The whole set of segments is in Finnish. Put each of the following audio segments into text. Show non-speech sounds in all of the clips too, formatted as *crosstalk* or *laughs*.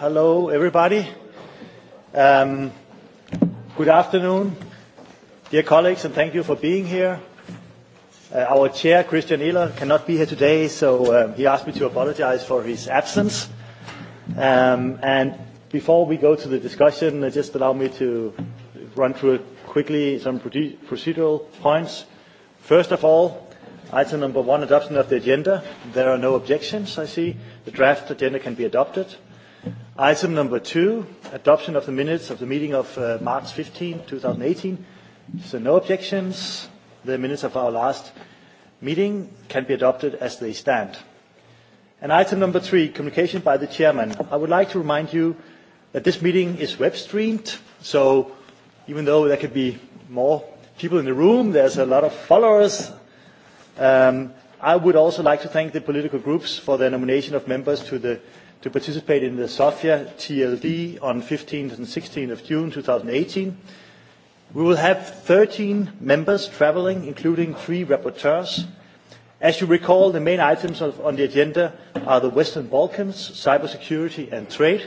Hello, everybody. Um, good afternoon, dear colleagues, and thank you for being here. Uh, our chair, Christian Ehler, cannot be here today, so um, he asked me to apologize for his absence. Um, and before we go to the discussion, uh, just allow me to run through quickly some procedural points. First of all, item number one, adoption of the agenda. There are no objections, I see. The draft agenda can be adopted. Item number two, adoption of the minutes of the meeting of uh, March 15, 2018. So no objections. The minutes of our last meeting can be adopted as they stand. And item number three, communication by the chairman. I would like to remind you that this meeting is web streamed, so even though there could be more people in the room, there's a lot of followers. Um, I would also like to thank the political groups for their nomination of members to the to participate in the Sofia TLD on 15th and 16th of June 2018. We will have 13 members traveling, including three rapporteurs. As you recall, the main items of, on the agenda are the Western Balkans, cybersecurity and trade.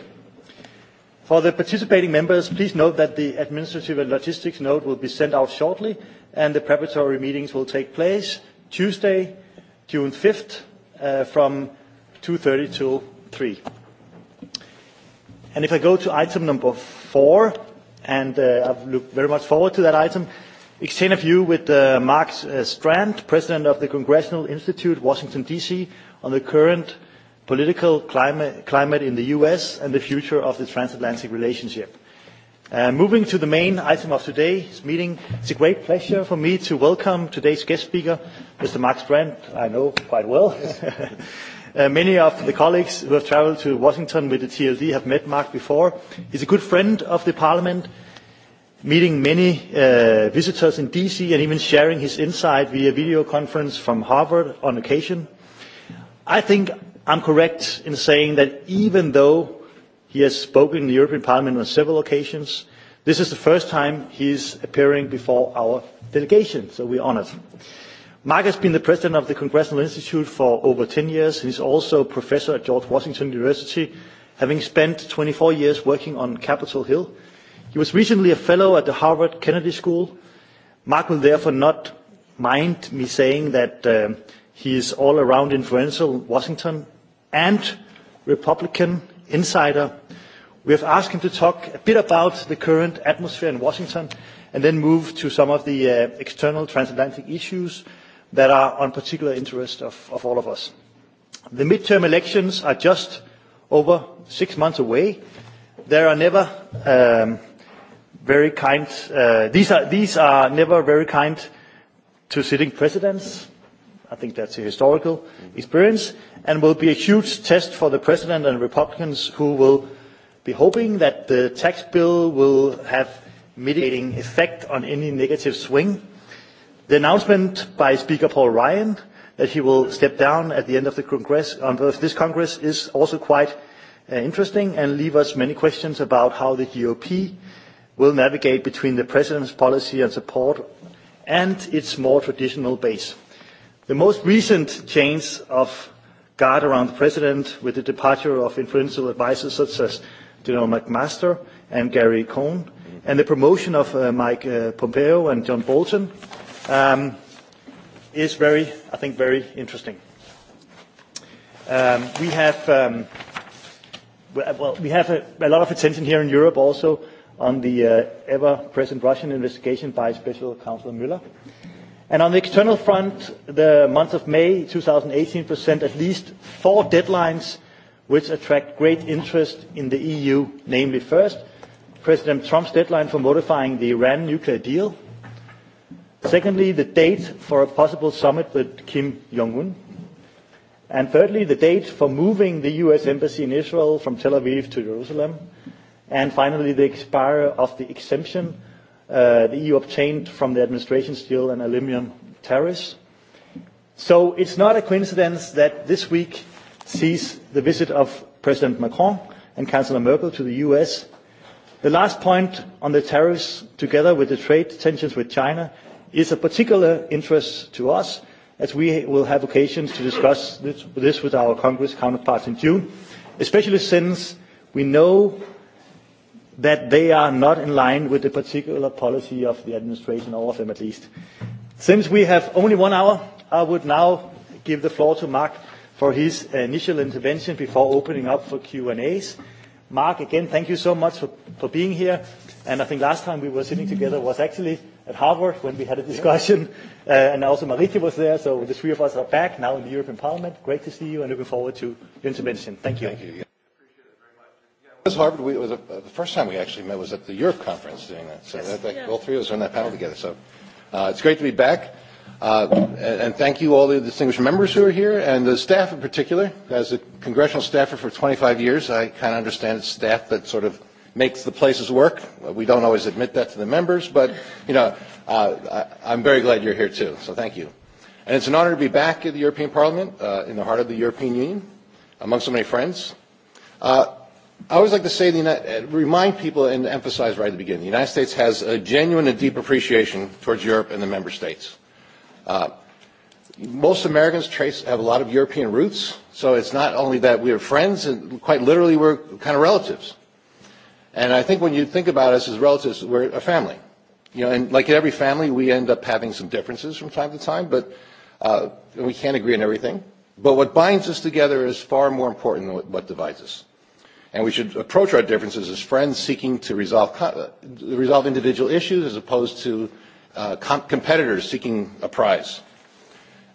For the participating members, please note that the administrative and logistics note will be sent out shortly, and the preparatory meetings will take place Tuesday, June 5th, uh, from 2:30 till three. And if I go to item number four, and uh, I've looked very much forward to that item, exchange of view with uh, Mark uh, Strand, President of the Congressional Institute, Washington, D.C., on the current political climate, climate in the U.S. and the future of the transatlantic relationship. Uh, moving to the main item of today's meeting, it's a great pleasure for me to welcome today's guest speaker, Mr. Mark Strand, I know quite well. *laughs* Uh, many of the colleagues who have travelled to Washington with the TLD have met Mark before. He's a good friend of the Parliament, meeting many uh, visitors in DC and even sharing his insight via video conference from Harvard on occasion. I think I'm correct in saying that even though he has spoken in the European Parliament on several occasions, this is the first time he's appearing before our delegation, so we're honoured. Mark has been the president of the Congressional Institute for over 10 years He's also a professor at George Washington University, having spent 24 years working on Capitol Hill. He was recently a fellow at the Harvard Kennedy School. Mark will therefore not mind me saying that uh, he is all around influential Washington and Republican insider. We have asked him to talk a bit about the current atmosphere in Washington and then move to some of the uh, external transatlantic issues that are on particular interest of, of all of us. The midterm elections are just over six months away. There are never um, very kind. Uh, these are these are never very kind to sitting presidents. I think that's a historical experience, and will be a huge test for the president and Republicans, who will be hoping that the tax bill will have mitigating effect on any negative swing The announcement by Speaker Paul Ryan that he will step down at the end of, the congress, um, of this Congress is also quite uh, interesting and leave us many questions about how the GOP will navigate between the President's policy and support and its more traditional base. The most recent change of guard around the President with the departure of influential advisors such as General McMaster and Gary Cohn, and the promotion of uh, Mike uh, Pompeo and John Bolton um, is very, I think, very interesting. Um, we have, um, well, we have a, a lot of attention here in Europe also on the uh, ever-present Russian investigation by Special Counsel Mueller. And on the external front, the month of May 2018 present at least four deadlines which attract great interest in the EU, namely first, President Trump's deadline for modifying the Iran nuclear deal, Secondly, the date for a possible summit with Kim Jong-un. And thirdly, the date for moving the U.S. embassy in Israel from Tel Aviv to Jerusalem. And finally, the expiry of the exemption uh, the EU obtained from the administration steel and aluminium tariffs. So it's not a coincidence that this week sees the visit of President Macron and Chancellor Merkel to the U.S. The last point on the tariffs, together with the trade tensions with China, is of particular interest to us as we will have occasions to discuss this, this with our Congress counterparts in June, especially since we know that they are not in line with the particular policy of the administration, all of them at least. Since we have only one hour, I would now give the floor to Mark for his initial intervention before opening up for Q&As. Mark, again, thank you so much for, for being here. And I think last time we were sitting together was actually at Harvard when we had a discussion, uh, and also Marieke was there, so the three of us are back now in the European Parliament. Great to see you, and looking forward to your intervention. Thank you. Thank you. Yeah. Was Harvard? We, it was a, uh, the first time we actually met was at the Europe conference doing that. So yes. that, that, yeah. all three of us are on that panel together. So uh, it's great to be back, uh, and, and thank you all the distinguished members who are here, and the staff in particular. As a congressional staffer for 25 years, I kind of understand staff that sort of makes the places work. We don't always admit that to the members, but you know, uh, I, I'm very glad you're here too. So thank you. And it's an honor to be back in the European Parliament, uh, in the heart of the European Union, among so many friends. Uh, I always like to say, the, United uh, remind people and emphasize right at the beginning, the United States has a genuine and deep appreciation towards Europe and the member states. Uh, most Americans trace have a lot of European roots, so it's not only that we are friends, and quite literally we're kind of relatives. And I think when you think about us as relatives, we're a family. You know, and like in every family, we end up having some differences from time to time, but uh, we can't agree on everything. But what binds us together is far more important than what divides us. And we should approach our differences as friends seeking to resolve, uh, resolve individual issues as opposed to uh, com- competitors seeking a prize.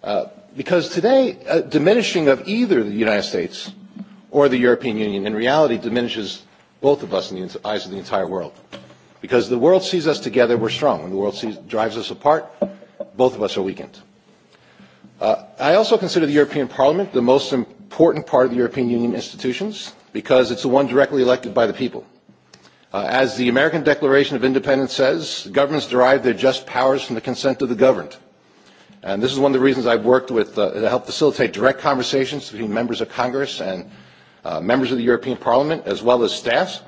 Uh, because today, a uh, diminishing of either the United States or the European Union in reality diminishes both of us in the eyes of the entire world. Because the world sees us together, we're strong. When the world sees, drives us apart, both of us are weakened. Uh, I also consider the European Parliament the most important part of the European Union institutions because it's the one directly elected by the people. Uh, as the American Declaration of Independence says, governments derive their just powers from the consent of the governed. And this is one of the reasons I've worked with uh, to help facilitate direct conversations between members of Congress and Uh, members of the European Parliament, as well as staffs.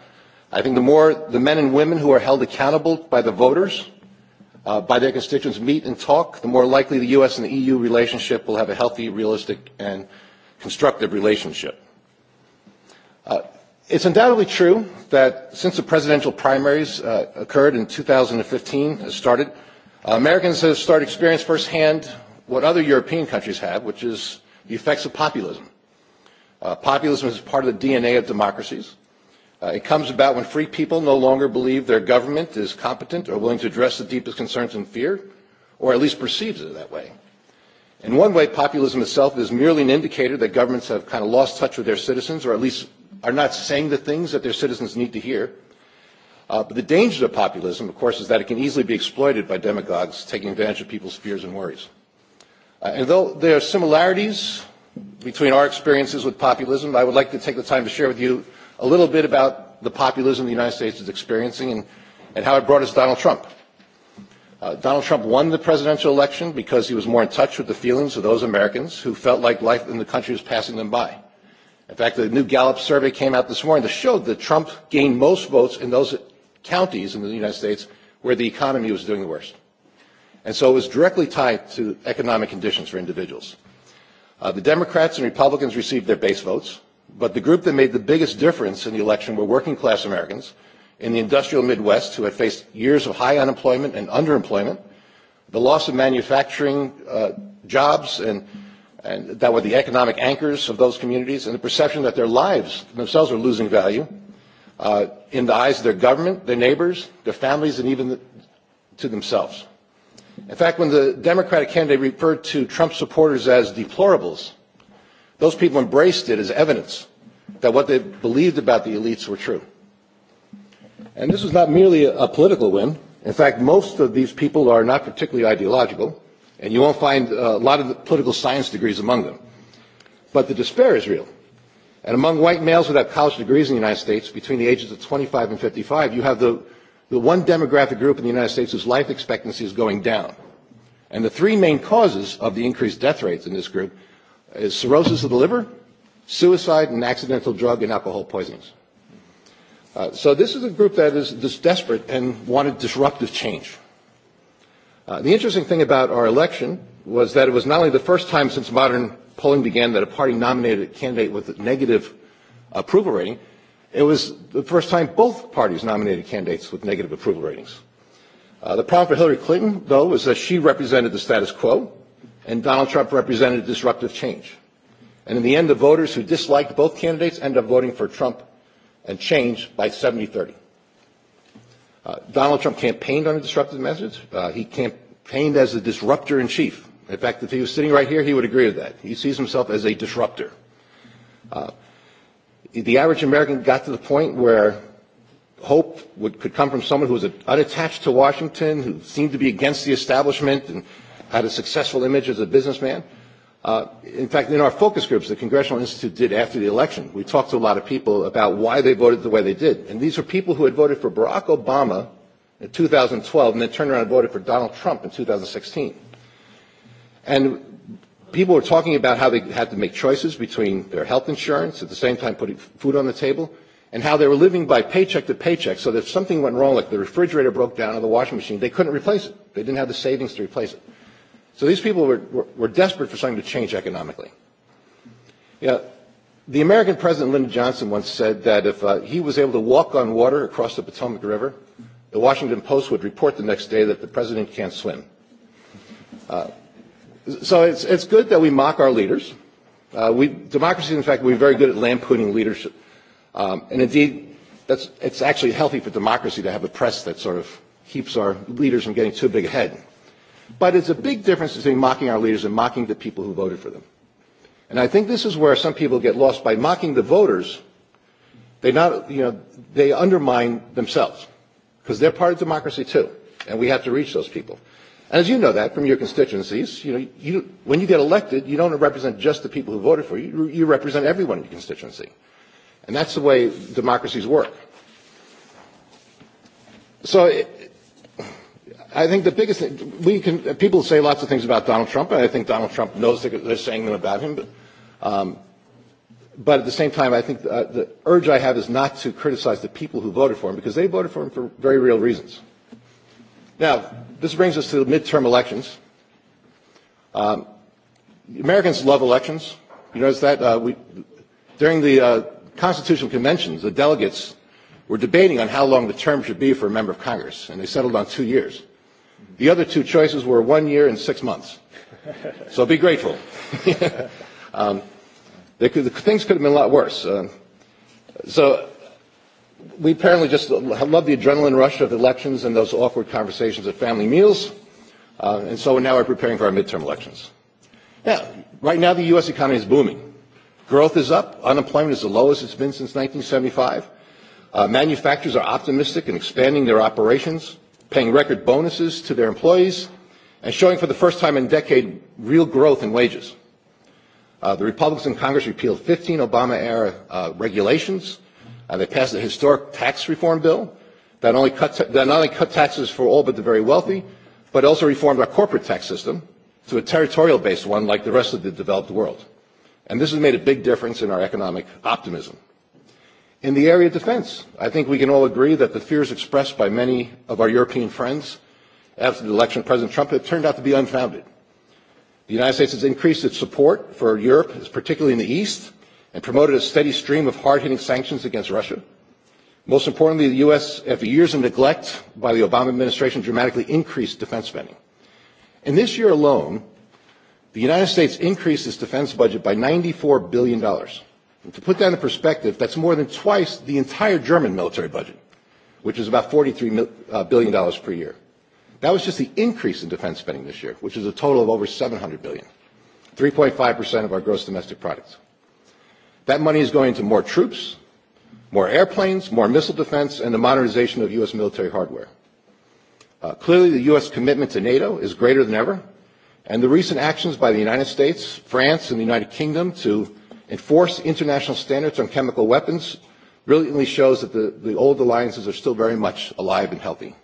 I think the more the men and women who are held accountable by the voters, uh, by their constituents, meet and talk, the more likely the U.S. and the EU relationship will have a healthy, realistic, and constructive relationship. Uh, it's undoubtedly true that since the presidential primaries uh, occurred in 2015, uh, started, uh, Americans have started to experience firsthand what other European countries have, which is the effects of populism. Uh, populism is part of the DNA of democracies. Uh, it comes about when free people no longer believe their government is competent or willing to address the deepest concerns and fear, or at least perceives it that way. In one way, populism itself is merely an indicator that governments have kind of lost touch with their citizens, or at least are not saying the things that their citizens need to hear. Uh, but the danger of populism, of course, is that it can easily be exploited by demagogues taking advantage of people's fears and worries. Uh, and though there are similarities between our experiences with populism, I would like to take the time to share with you a little bit about the populism the United States is experiencing and, and how it brought us Donald Trump. Uh, Donald Trump won the presidential election because he was more in touch with the feelings of those Americans who felt like life in the country was passing them by. In fact, the new Gallup survey came out this morning that showed that Trump gained most votes in those counties in the United States where the economy was doing the worst. And so it was directly tied to economic conditions for individuals. Uh, the Democrats and Republicans received their base votes, but the group that made the biggest difference in the election were working class Americans in the industrial Midwest who had faced years of high unemployment and underemployment, the loss of manufacturing uh, jobs and, and that were the economic anchors of those communities, and the perception that their lives themselves were losing value uh, in the eyes of their government, their neighbors, their families, and even the, to themselves. In fact, when the Democratic candidate referred to Trump supporters as deplorables, those people embraced it as evidence that what they believed about the elites were true. And this was not merely a political win. In fact, most of these people are not particularly ideological, and you won't find a lot of political science degrees among them. But the despair is real. And among white males who have college degrees in the United States, between the ages of 25 and 55, you have the the one demographic group in the United States whose life expectancy is going down. And the three main causes of the increased death rates in this group is cirrhosis of the liver, suicide, and accidental drug and alcohol poisonings. Uh, so this is a group that is just desperate and wanted disruptive change. Uh, the interesting thing about our election was that it was not only the first time since modern polling began that a party nominated a candidate with a negative approval rating, It was the first time both parties nominated candidates with negative approval ratings. Uh, the problem for Hillary Clinton, though, was that she represented the status quo, and Donald Trump represented disruptive change. And in the end, the voters who disliked both candidates ended up voting for Trump and change by 70-30. Uh, Donald Trump campaigned on a disruptive message. Uh, he campaigned as a disruptor in chief. In fact, if he was sitting right here, he would agree with that. He sees himself as a disruptor. Uh, the average American got to the point where hope would, could come from someone who was unattached to Washington, who seemed to be against the establishment and had a successful image as a businessman. Uh, in fact, in our focus groups, the Congressional Institute did after the election, we talked to a lot of people about why they voted the way they did. And these are people who had voted for Barack Obama in 2012 and then turned around and voted for Donald Trump in 2016. And people were talking about how they had to make choices between their health insurance, at the same time putting food on the table, and how they were living by paycheck to paycheck, so that if something went wrong, like the refrigerator broke down or the washing machine, they couldn't replace it. They didn't have the savings to replace it. So these people were, were, were desperate for something to change economically. Yeah, the American President Lyndon Johnson once said that if uh, he was able to walk on water across the Potomac River, the Washington Post would report the next day that the president can't swim. Uh, So it's, it's good that we mock our leaders. Uh, we, democracy, in fact, we're very good at lampooning leadership. Um, and indeed, that's, it's actually healthy for democracy to have a press that sort of keeps our leaders from getting too big ahead. But it's a big difference between mocking our leaders and mocking the people who voted for them. And I think this is where some people get lost by mocking the voters. They not, you know, they undermine themselves because they're part of democracy too, and we have to reach those people. And as you know that from your constituencies, you know, you, when you get elected, you don't represent just the people who voted for you. You represent everyone in your constituency. And that's the way democracies work. So it, I think the biggest thing, we can, people say lots of things about Donald Trump, and I think Donald Trump knows they're, they're saying them about him. But, um, but at the same time, I think the, uh, the urge I have is not to criticize the people who voted for him, because they voted for him for very real reasons. Now, this brings us to the midterm elections. Um, Americans love elections. You notice that uh, we, during the uh, Constitutional Conventions, the delegates were debating on how long the term should be for a member of Congress, and they settled on two years. The other two choices were one year and six months. So be grateful. *laughs* um, they could, the things could have been a lot worse. Uh, so we apparently just love the adrenaline rush of elections and those awkward conversations at family meals. Uh, and so now we're preparing for our midterm elections. Now, right now the U.S. economy is booming. Growth is up. Unemployment is the lowest it's been since 1975. Uh, manufacturers are optimistic in expanding their operations, paying record bonuses to their employees, and showing for the first time in a decade real growth in wages. Uh, the Republicans in Congress repealed 15 Obama-era uh, regulations – Uh, they passed a historic tax reform bill that only cut ta- that not only cut taxes for all but the very wealthy, but also reformed our corporate tax system to a territorial-based one like the rest of the developed world. And this has made a big difference in our economic optimism. In the area of defense, I think we can all agree that the fears expressed by many of our European friends after the election of President Trump have turned out to be unfounded. The United States has increased its support for Europe, particularly in the East, and promoted a steady stream of hard-hitting sanctions against Russia. Most importantly, the U.S., after years of neglect by the Obama administration, dramatically increased defense spending. And this year alone, the United States increased its defense budget by $94 billion. And to put that in perspective, that's more than twice the entire German military budget, which is about $43 uh, billion per year. That was just the increase in defense spending this year, which is a total of over $700 billion, 3.5% of our gross domestic products. That money is going to more troops, more airplanes, more missile defense, and the modernization of U.S. military hardware. Uh, clearly, the U.S. commitment to NATO is greater than ever, and the recent actions by the United States, France, and the United Kingdom to enforce international standards on chemical weapons brilliantly shows that the, the old alliances are still very much alive and healthy.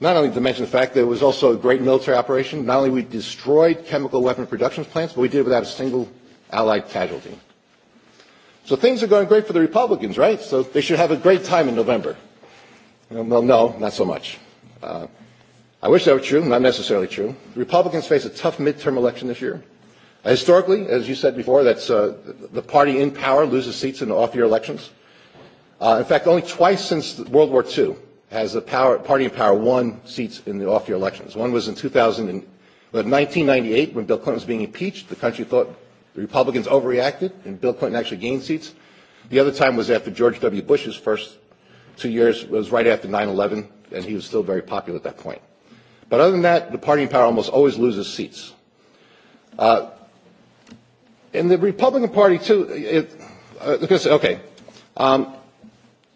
Not only to mention the fact that it was also a great military operation, not only we destroyed chemical weapon production plants, but we did it without a single allied casualty. So things are going great for the Republicans, right? So they should have a great time in November. Well, no, not so much. Uh, I wish that were true, not necessarily true. The Republicans face a tough midterm election this year. Uh, historically, as you said before, that's uh, the party in power loses seats in off-year elections. Uh, in fact, only twice since World War II has the power, party in power won seats in the off-year elections. One was in 2000 and, well, 1998 when Bill Clinton was being impeached. The country thought The Republicans overreacted, and Bill Clinton actually gained seats. The other time was after George W. Bush's first two years, it was right after 9-11, and he was still very popular at that point. But other than that, the party in power almost always loses seats. Uh, and the Republican Party, too, it, uh, because, okay, um,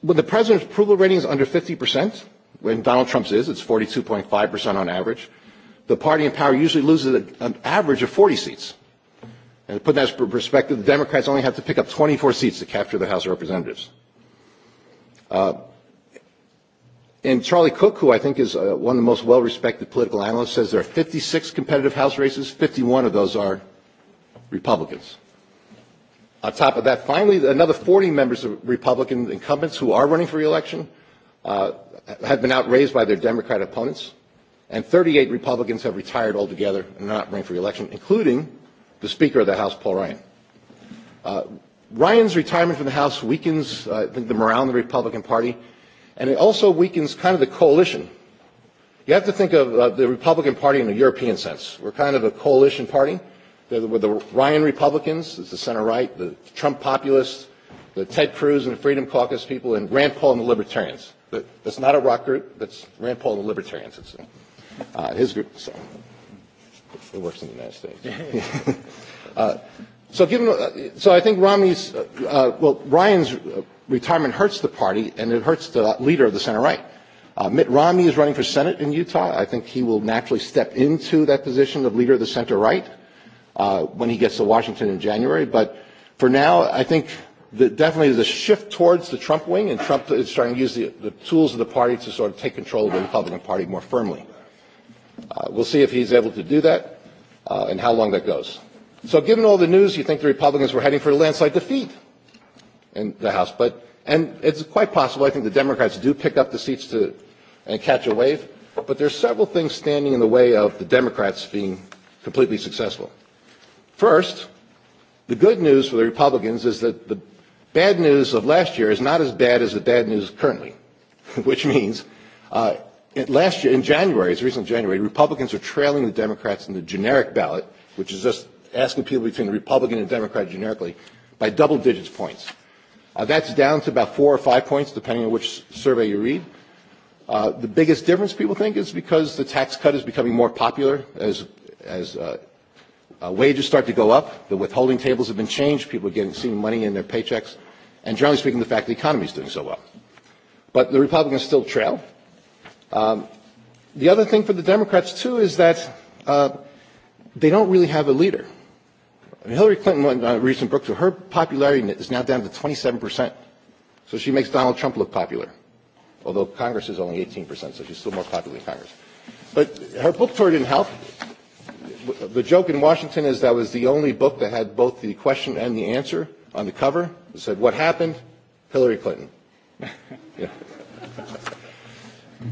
when the president's approval rating is under 50%, when Donald Trump's is, it's 42.5% on average, the party in power usually loses an average of 40 seats. And to put that in perspective, the Democrats only have to pick up 24 seats to capture the House of Representatives. Uh, and Charlie Cook, who I think is uh, one of the most well-respected political analysts, says there are 56 competitive House races. 51 of those are Republicans. On top of that, finally, another 40 members of Republican incumbents who are running for reelection uh, have been outraised by their Democrat opponents, and 38 Republicans have retired altogether and are not running for re-election, including the Speaker of the House, Paul Ryan. Uh, Ryan's retirement from the House weakens, uh, I think, the morale in the Republican Party, and it also weakens kind of the coalition. You have to think of uh, the Republican Party in a European sense. We're kind of a coalition party. There were the Ryan Republicans, it's the center right, the Trump populists, the Ted Cruz and the Freedom Caucus people, and Rand Paul and the Libertarians. That's not a rock group. That's Rand Paul and the Libertarians. It's uh, his group. So. It works in the United States. *laughs* uh, so, given, uh, so I think Romney's, uh, uh, well, Ryan's uh, retirement hurts the party, and it hurts the leader of the center right. Uh, Mitt Romney is running for Senate in Utah. I think he will naturally step into that position of leader of the center right uh, when he gets to Washington in January. But for now, I think that definitely there's a shift towards the Trump wing, and Trump is starting to use the, the tools of the party to sort of take control of the Republican Party more firmly. Uh, we'll see if he's able to do that uh, and how long that goes. So given all the news, you think the Republicans were heading for a landslide defeat in the House. But, and it's quite possible, I think the Democrats do pick up the seats to, and catch a wave. But there's several things standing in the way of the Democrats being completely successful. First, the good news for the Republicans is that the bad news of last year is not as bad as the bad news currently, *laughs* which means uh, last year, in January, was recent January, Republicans were trailing the Democrats in the generic ballot, which is just asking people between the Republican and Democrat generically, by double digits points. Uh, that's down to about four or five points, depending on which survey you read. Uh, the biggest difference, people think, is because the tax cut is becoming more popular as, as uh, uh, wages start to go up. The withholding tables have been changed. People are getting, seeing money in their paychecks. And generally speaking, the fact the economy is doing so well. But the Republicans still trail. Um, the other thing for the Democrats, too, is that uh, they don't really have a leader. I mean, Hillary Clinton went on a recent book tour. Her popularity is now down to 27%. So she makes Donald Trump look popular, although Congress is only 18%, so she's still more popular in Congress. But her book tour didn't help. The joke in Washington is that was the only book that had both the question and the answer on the cover. It said, What happened? Hillary Clinton. *laughs* yeah.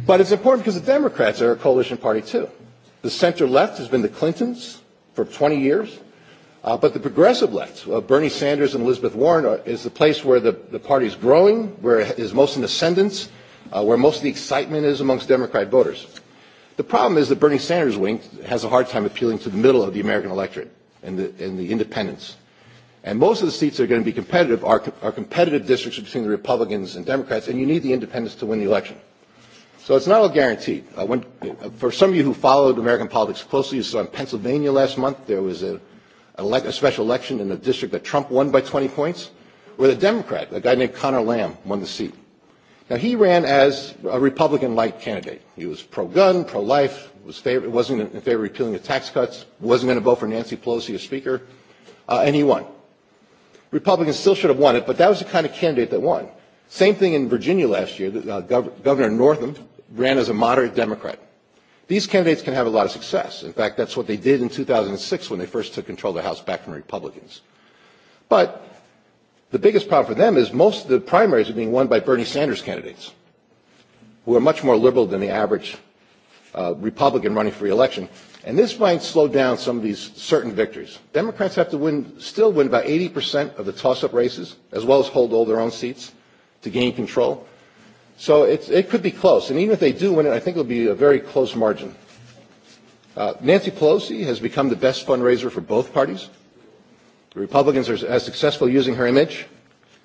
But it's important because the Democrats are a coalition party too. The center left has been the Clintons for 20 years. Uh, but the progressive left, uh, Bernie Sanders and Elizabeth Warren, are, is the place where the, the party is growing, where it is most in ascendance, uh, where most of the excitement is amongst Democrat voters. The problem is that Bernie Sanders' wing has a hard time appealing to the middle of the American electorate and the, and the independents. And most of the seats that are going to be competitive are, are competitive districts between the Republicans and Democrats, and you need the independents to win the election. So it's not all guaranteed. I uh, went, uh, for some of you who followed American politics closely, you saw in Pennsylvania last month there was a, a, le- a special election in a district that Trump won by 20 points, where the Democrat, a guy named Connor Lamb, won the seat. Now he ran as a Republican-like candidate. He was pro-gun, pro-life, was favor- wasn't in favor of repealing the tax cuts, wasn't going to vote for Nancy Pelosi as Speaker, uh, and he won. Republicans still should have won it, but that was the kind of candidate that won. Same thing in Virginia last year. Uh, Gov- Governor Northam ran as a moderate Democrat. These candidates can have a lot of success. In fact, that's what they did in 2006 when they first took control of the House back from Republicans. But the biggest problem for them is most of the primaries are being won by Bernie Sanders candidates, who are much more liberal than the average uh, Republican running for re-election. And this might slow down some of these certain victories. Democrats have to win, still win about 80% of the toss-up races, as well as hold all their own seats to gain control. So it's, it could be close. And even if they do win it, I think it will be a very close margin. Uh, Nancy Pelosi has become the best fundraiser for both parties. The Republicans are as successful using her image.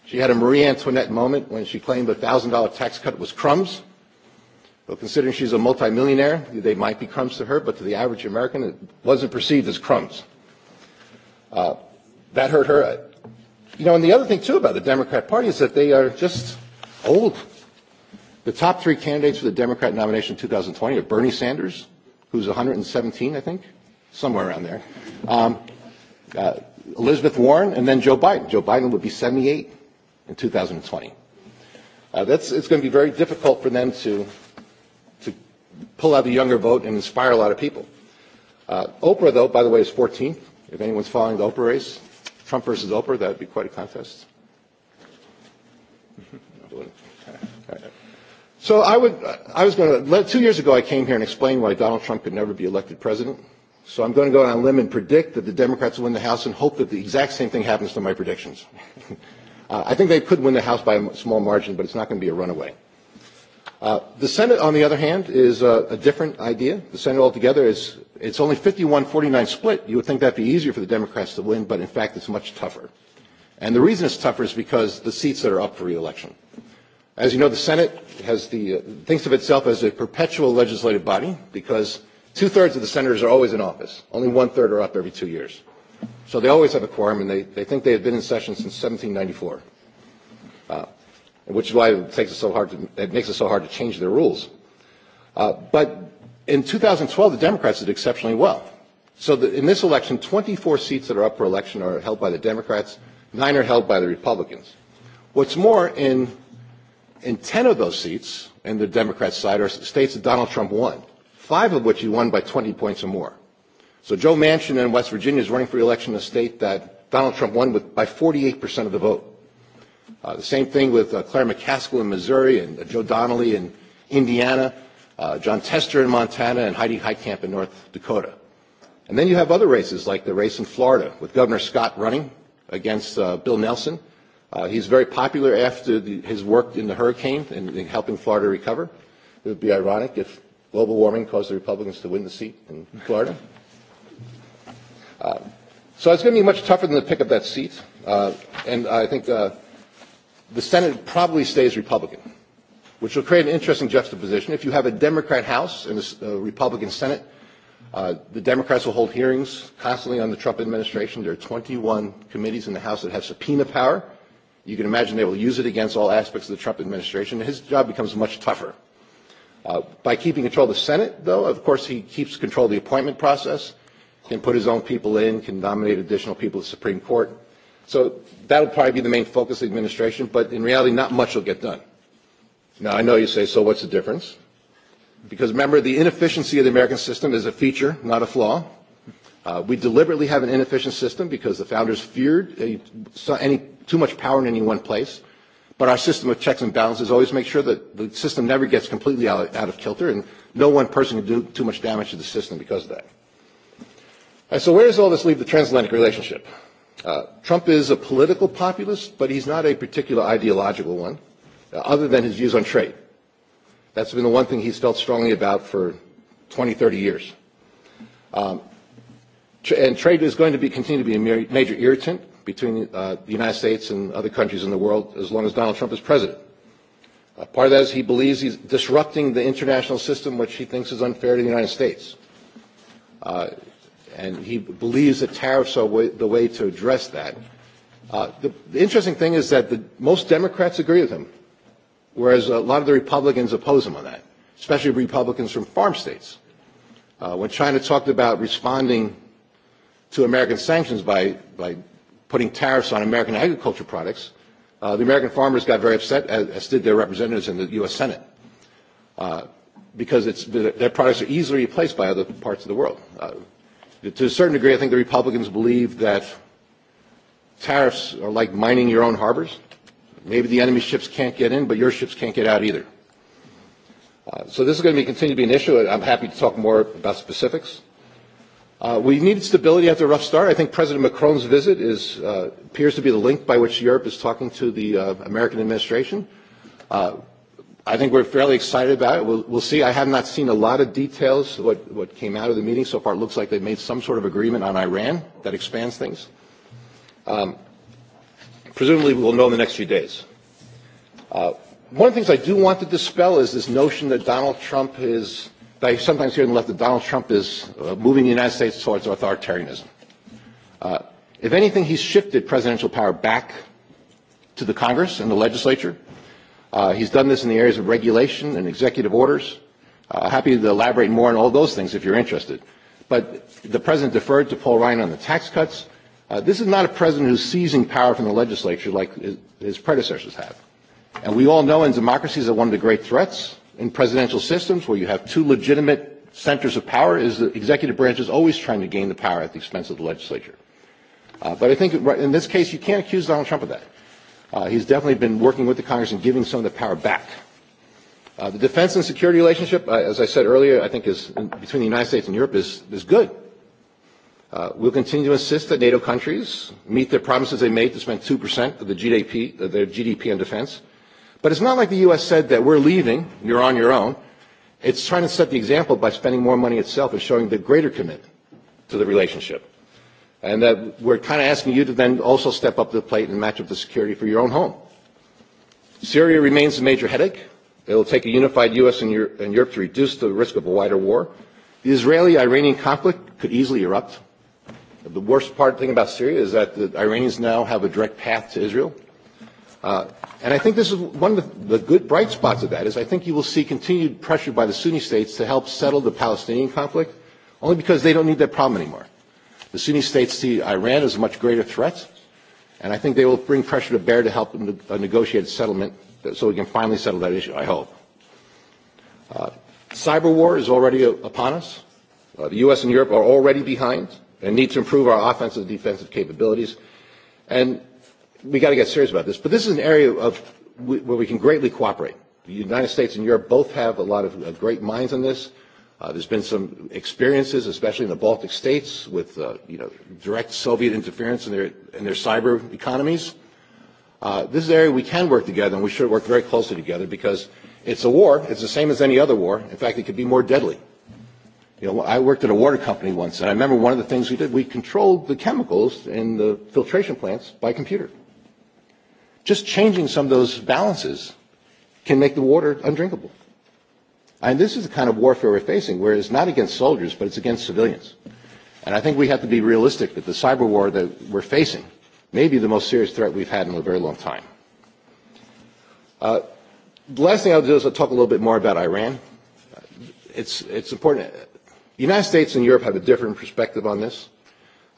She had a Marie Antoinette moment when she claimed the $1,000 tax cut was crumbs. Well, considering she's a multimillionaire, they might be crumbs to her, but to the average American, it wasn't perceived as crumbs. Uh, that hurt her. You know, and the other thing, too, about the Democrat Party is that they are just old. The top three candidates for the Democrat nomination in 2020 are Bernie Sanders, who's 117, I think, somewhere around there, um, uh, Elizabeth Warren, and then Joe Biden. Joe Biden would be 78 in 2020. Uh, that's, it's going to be very difficult for them to, to pull out the younger vote and inspire a lot of people. Uh, Oprah, though, by the way, is 14, if anyone's following the Oprah race. Trump versus Oprah, that would be quite a contest. so I would, I was going to, two years ago I came here and explained why Donald Trump could never be elected president. So I'm going to go on a limb and predict that the Democrats will win the House and hope that the exact same thing happens to my predictions. *laughs* uh, I think they could win the House by a small margin, but it's not going to be a runaway. Uh, the Senate, on the other hand, is a, a different idea. The Senate altogether is it's only 51-49 split. You would think that'd be easier for the Democrats to win, but in fact, it's much tougher. And the reason it's tougher is because the seats that are up for re-election, As you know, the Senate has the, uh, thinks of itself as a perpetual legislative body because two-thirds of the senators are always in office. Only one-third are up every two years. So they always have a quorum, and they, they think they have been in session since 1794 which is why it takes so hard to, it makes it so hard to change their rules. Uh, but in 2012, the Democrats did exceptionally well. So the, in this election, 24 seats that are up for election are held by the Democrats, nine are held by the Republicans. What's more, in, in 10 of those seats, in the Democrat side, are states that Donald Trump won, five of which he won by 20 points or more. So Joe Manchin in West Virginia is running for election in a state that Donald Trump won with, by 48% of the vote. Uh, the same thing with uh, Claire McCaskill in Missouri and uh, Joe Donnelly in Indiana, uh, John Tester in Montana, and Heidi Heitkamp in North Dakota. And then you have other races like the race in Florida with Governor Scott running against uh, Bill Nelson. Uh, he's very popular after the, his work in the hurricane and in helping Florida recover. It would be ironic if global warming caused the Republicans to win the seat in Florida. Uh, so it's going to be much tougher than to pick up that seat. Uh, and I think uh, the Senate probably stays Republican, which will create an interesting juxtaposition. If you have a Democrat House and a Republican Senate, uh, the Democrats will hold hearings constantly on the Trump administration. There are 21 committees in the House that have subpoena power. You can imagine they will use it against all aspects of the Trump administration. His job becomes much tougher. Uh, by keeping control of the Senate, though, of course, he keeps control of the appointment process, can put his own people in, can nominate additional people to the Supreme Court So that'll probably be the main focus of the administration, but in reality, not much will get done. Now, I know you say, so what's the difference? Because remember, the inefficiency of the American system is a feature, not a flaw. Uh, we deliberately have an inefficient system because the founders feared uh, any, too much power in any one place. But our system of checks and balances always makes sure that the system never gets completely out, out of kilter, and no one person can do too much damage to the system because of that. right, so where does all this leave the transatlantic relationship? Uh, Trump is a political populist, but he's not a particular ideological one, uh, other than his views on trade. That's been the one thing he's felt strongly about for 20, 30 years. Um, and trade is going to be, continue to be a major irritant between uh, the United States and other countries in the world as long as Donald Trump is president. Uh, part of that is he believes he's disrupting the international system, which he thinks is unfair to the United States. Uh, and he believes that tariffs are way, the way to address that. Uh, the, the interesting thing is that the, most Democrats agree with him, whereas a lot of the Republicans oppose him on that, especially Republicans from farm states. Uh, when China talked about responding to American sanctions by, by putting tariffs on American agriculture products, uh, the American farmers got very upset, as, as did their representatives in the U.S. Senate, uh, because it's, their products are easily replaced by other parts of the world. Uh, to a certain degree, I think the Republicans believe that tariffs are like mining your own harbors. Maybe the enemy ships can't get in, but your ships can't get out either. Uh, so this is going to be, continue to be an issue. I'm happy to talk more about specifics. Uh, we needed stability after a rough start. I think President Macron's visit is, uh, appears to be the link by which Europe is talking to the uh, American administration. Uh, I think we're fairly excited about it. We'll, we'll see. I have not seen a lot of details. What, what came out of the meeting so far it looks like they've made some sort of agreement on Iran that expands things. Um, presumably, we'll know in the next few days. Uh, one of the things I do want to dispel is this notion that Donald Trump is, that I sometimes hear on the left, that Donald Trump is uh, moving the United States towards authoritarianism. Uh, if anything, he's shifted presidential power back to the Congress and the legislature Uh, he's done this in the areas of regulation and executive orders. Uh, happy to elaborate more on all those things if you're interested. But the president deferred to Paul Ryan on the tax cuts. Uh, this is not a president who's seizing power from the legislature like his, predecessors have. And we all know in democracies that one of the great threats in presidential systems where you have two legitimate centers of power is the executive branch is always trying to gain the power at the expense of the legislature. Uh, but I think in this case, you can't accuse Donald Trump of that. Uh, he's definitely been working with the Congress and giving some of the power back. Uh, the defense and security relationship, uh, as I said earlier, I think is in, between the United States and Europe is, is good. Uh, we'll continue to insist that NATO countries meet their promises they made to spend 2% of the GDP, of their GDP on defense. But it's not like the U.S. said that we're leaving, you're on your own. It's trying to set the example by spending more money itself and showing the greater commitment to the relationship. And that uh, we're kind of asking you to then also step up to the plate and match up the security for your own home. Syria remains a major headache. It will take a unified U.S. and Europe to reduce the risk of a wider war. The Israeli-Iranian conflict could easily erupt. The worst part thing about Syria is that the Iranians now have a direct path to Israel. Uh, and I think this is one of the, the good bright spots of that is I think you will see continued pressure by the Sunni states to help settle the Palestinian conflict, only because they don't need that problem anymore. The Sunni states see Iran as a much greater threat, and I think they will bring pressure to bear to help a uh, negotiated settlement so we can finally settle that issue, I hope. Uh, cyber war is already uh, upon us. Uh, the U.S. and Europe are already behind and need to improve our offensive and defensive capabilities. And we got to get serious about this. But this is an area of where we can greatly cooperate. The United States and Europe both have a lot of uh, great minds on this. Uh, there's been some experiences, especially in the Baltic states, with uh, you know direct Soviet interference in their in their cyber economies. Uh, this is an area we can work together, and we should work very closely together because it's a war. It's the same as any other war. In fact, it could be more deadly. You know, I worked at a water company once, and I remember one of the things we did. We controlled the chemicals in the filtration plants by computer. Just changing some of those balances can make the water undrinkable. And this is the kind of warfare we're facing, where it's not against soldiers, but it's against civilians. And I think we have to be realistic that the cyber war that we're facing may be the most serious threat we've had in a very long time. Uh, the last thing I'll do is I'll talk a little bit more about Iran. Uh, it's, it's important. The United States and Europe have a different perspective on this.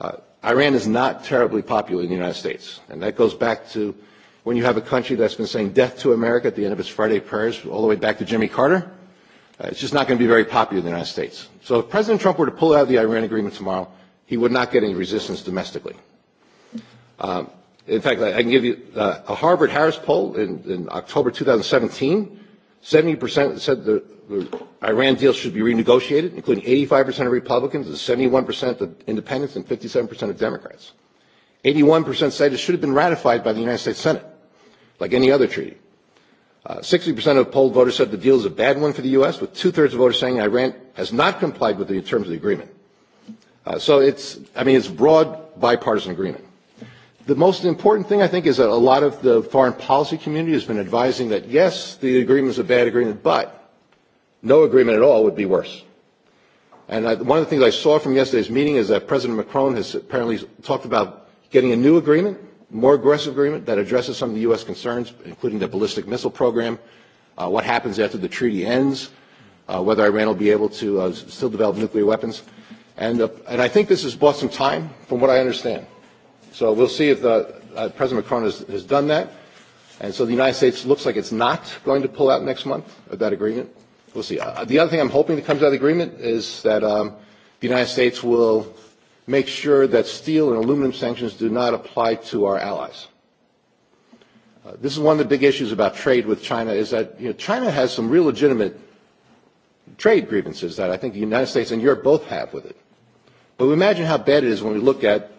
Uh, Iran is not terribly popular in the United States. And that goes back to when you have a country that's been saying death to America at the end of its Friday prayers all the way back to Jimmy Carter. Uh, it's just not going to be very popular in the United States. So if President Trump were to pull out of the Iran agreement tomorrow, he would not get any resistance domestically. Um, in fact, I, can give you uh, a Harvard Harris poll in, in October 2017. 70% said the, the Iran deal should be renegotiated, including 85% of Republicans and 71% of independents and 57% of Democrats. 81% said it should have been ratified by the United States Senate, like any other treaty. 60% of polled voters said the deal is a bad one for the U.S., with two-thirds of voters saying Iran has not complied with the terms of the agreement. Uh, so it's, I mean, it's broad bipartisan agreement. The most important thing, I think, is that a lot of the foreign policy community has been advising that, yes, the agreement is a bad agreement, but no agreement at all would be worse. And I, one of the things I saw from yesterday's meeting is that President Macron has apparently talked about getting a new agreement more aggressive agreement that addresses some of the U.S. concerns, including the ballistic missile program, uh, what happens after the treaty ends, uh, whether Iran will be able to uh, still develop nuclear weapons. And, uh, and I think this has bought some time, from what I understand. So we'll see if the, uh, President Macron has, has done that. And so the United States looks like it's not going to pull out next month of uh, that agreement. We'll see. Uh, the other thing I'm hoping that comes out of the agreement is that um, the United States will make sure that steel and aluminum sanctions do not apply to our allies. Uh, this is one of the big issues about trade with China is that you know, China has some real legitimate trade grievances that I think the United States and Europe both have with it. But we imagine how bad it is when we look at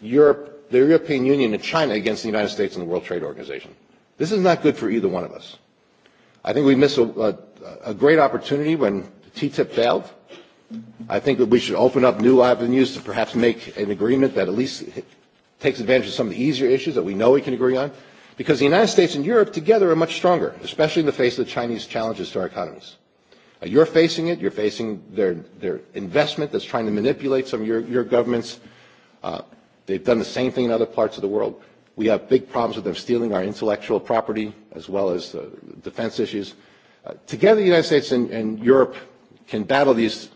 Europe, the European Union and China against the United States and the World Trade Organization. This is not good for either one of us. I think we miss a, a, a great opportunity when TTIP failed I think that we should open up new avenues to perhaps make an agreement that at least takes advantage of some of the easier issues that we know we can agree on, because the United States and Europe together are much stronger, especially in the face of the Chinese challenges to our economies. Uh, you're facing it. You're facing their, their investment that's trying to manipulate some of your, your governments. Uh, they've done the same thing in other parts of the world. We have big problems with them stealing our intellectual property as well as uh, defense issues. Uh, together, the United States and, and Europe can battle these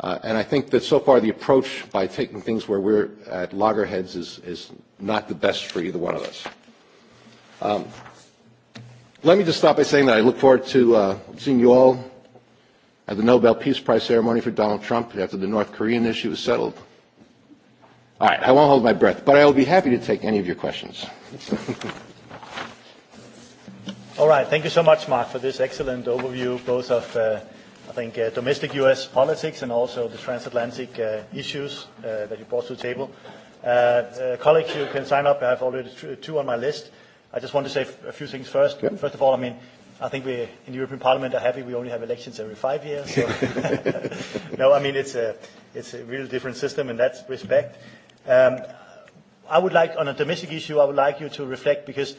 Uh, and I think that so far the approach by taking things where we're at loggerheads is, is not the best for either one of us. Um, let me just stop by saying that I look forward to uh, seeing you all at the Nobel Peace Prize ceremony for Donald Trump after the North Korean issue is settled. All right, I won't hold my breath, but I will be happy to take any of your questions. *laughs* all right, thank you so much, Mark, for this excellent overview, both of uh, think uh, domestic U.S. politics and also the transatlantic uh, issues uh, that you brought to the table. Uh, uh, colleagues you can sign up, I have already two on my list. I just want to say a few things first. Yeah. First of all, I mean, I think we in the European Parliament are happy we only have elections every five years. So *laughs* *laughs* no, I mean, it's a, it's a really different system in that respect. Um, I would like, on a domestic issue, I would like you to reflect because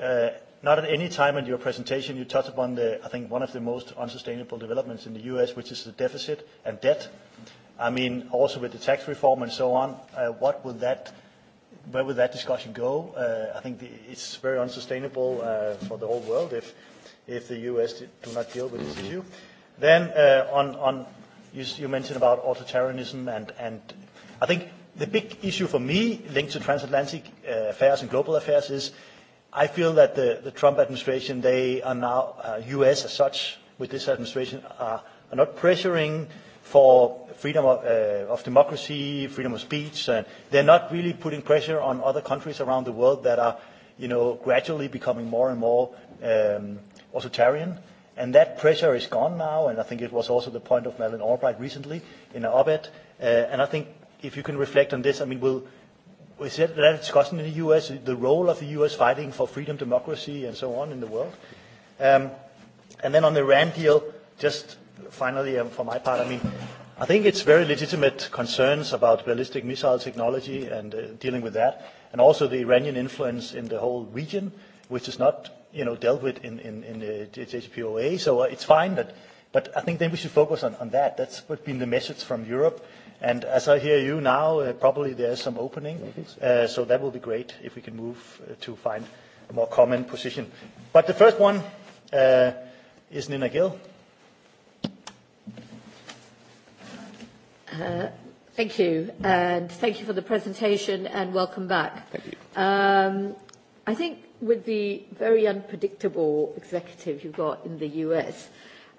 uh, Not at any time in your presentation you touch upon the, I think, one of the most unsustainable developments in the U.S., which is the deficit and debt. I mean, also with the tax reform and so on, uh, what will that, where will that discussion go? Uh, I think it's very unsustainable uh, for the whole world if, if the U.S. do not deal with this issue. Then on, on you, mentioned about authoritarianism and, and I think the big issue for me linked to transatlantic affairs and global affairs is I feel that the, the Trump administration, they are now, uh, US as such, with this administration, are, uh, are not pressuring for freedom of, uh, of democracy, freedom of speech, and they're not really putting pressure on other countries around the world that are, you know, gradually becoming more and more um, authoritarian. And that pressure is gone now, and I think it was also the point of Madeleine Albright recently in an op-ed. Uh, and I think if you can reflect on this, I mean, will we said that discussion in the U.S. the role of the U.S. fighting for freedom, democracy, and so on in the world. Um, and then on the Iran deal, just finally um, for my part, I mean, I think it's very legitimate concerns about ballistic missile technology and uh, dealing with that, and also the Iranian influence in the whole region, which is not you know dealt with in in, in the JCPOA. So uh, it's fine that. But I think then we should focus on, on that. That's what's been the message from Europe And as I hear you now, uh, probably there's some opening. Uh, so that will be great if we can move uh, to find a more common position. But the first one uh, is Nina Gill. Uh, thank you, and thank you for the presentation, and welcome back. Thank you. Um, I think with the very unpredictable executive you've got in the US,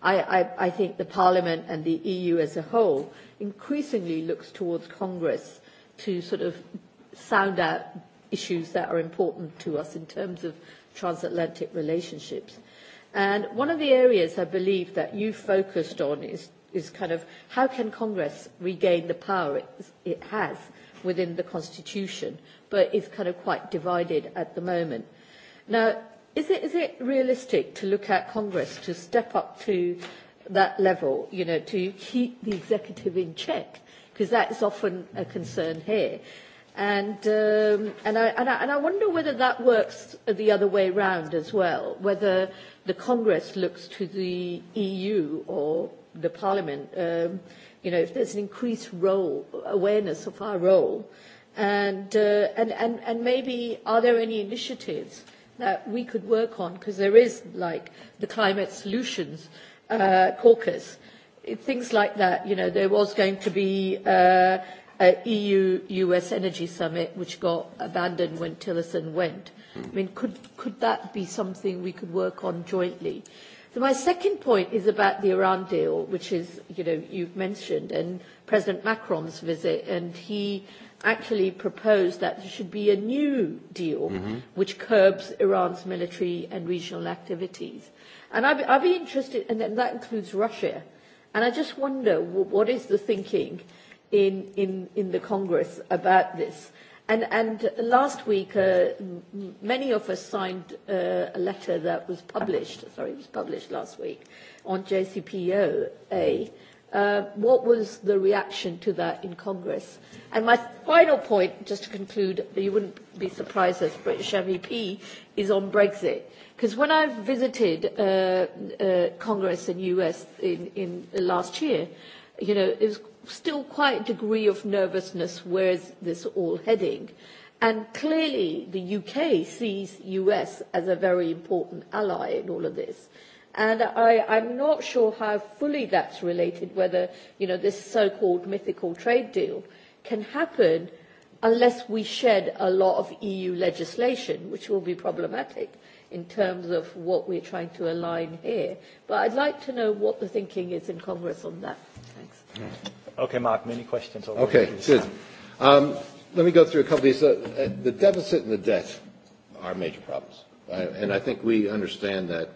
I, I, I think the Parliament and the EU as a whole increasingly looks towards Congress to sort of sound out issues that are important to us in terms of transatlantic relationships. And one of the areas I believe that you focused on is, is kind of how can Congress regain the power it, it has within the Constitution, but is kind of quite divided at the moment. Now, is it is it realistic to look at Congress to step up to that level, you know, to keep the executive in check? Because that is often a concern here. And, um, and, I, and, I, and I wonder whether that works the other way around as well, whether the Congress looks to the EU or the Parliament, um, you know, if there's an increased role, awareness of our role, and, uh, and, and, and maybe are there any initiatives uh, that we could work on because there is like the climate solutions uh, caucus things like that you know there was going to be uh, a EU US energy summit which got abandoned when Tillerson went i mean could could that be something we could work on jointly so my second point is about the Iran deal which is you know you've mentioned and President Macron's visit and he actually proposed that there should be a new deal mm-hmm. which curbs Iran's military and regional activities. And I'd, I'd be interested, and then that includes Russia. And I just wonder what is the thinking in, in, in the Congress about this. And, and last week, uh, many of us signed uh, a letter that was published, sorry, it was published last week, on JCPOA, Uh, what was the reaction to that in Congress? And my final point, just to conclude, you wouldn't be surprised as British MEP, is on Brexit. Because when I visited uh, uh, Congress in US in, in last year, you know, it was still quite a degree of nervousness, where is this all heading? And clearly the UK sees US as a very important ally in all of this. Uh, And I, I'm not sure how fully that's related, whether, you know, this so-called mythical trade deal can happen unless we shed a lot of EU legislation, which will be problematic in terms of what we're trying to align here. But I'd like to know what the thinking is in Congress on that. Thanks. Okay, Mark, many questions. Already, okay, good. Um, let me go through a couple of these. Uh, the deficit and the debt are major problems. Uh, and I think we understand that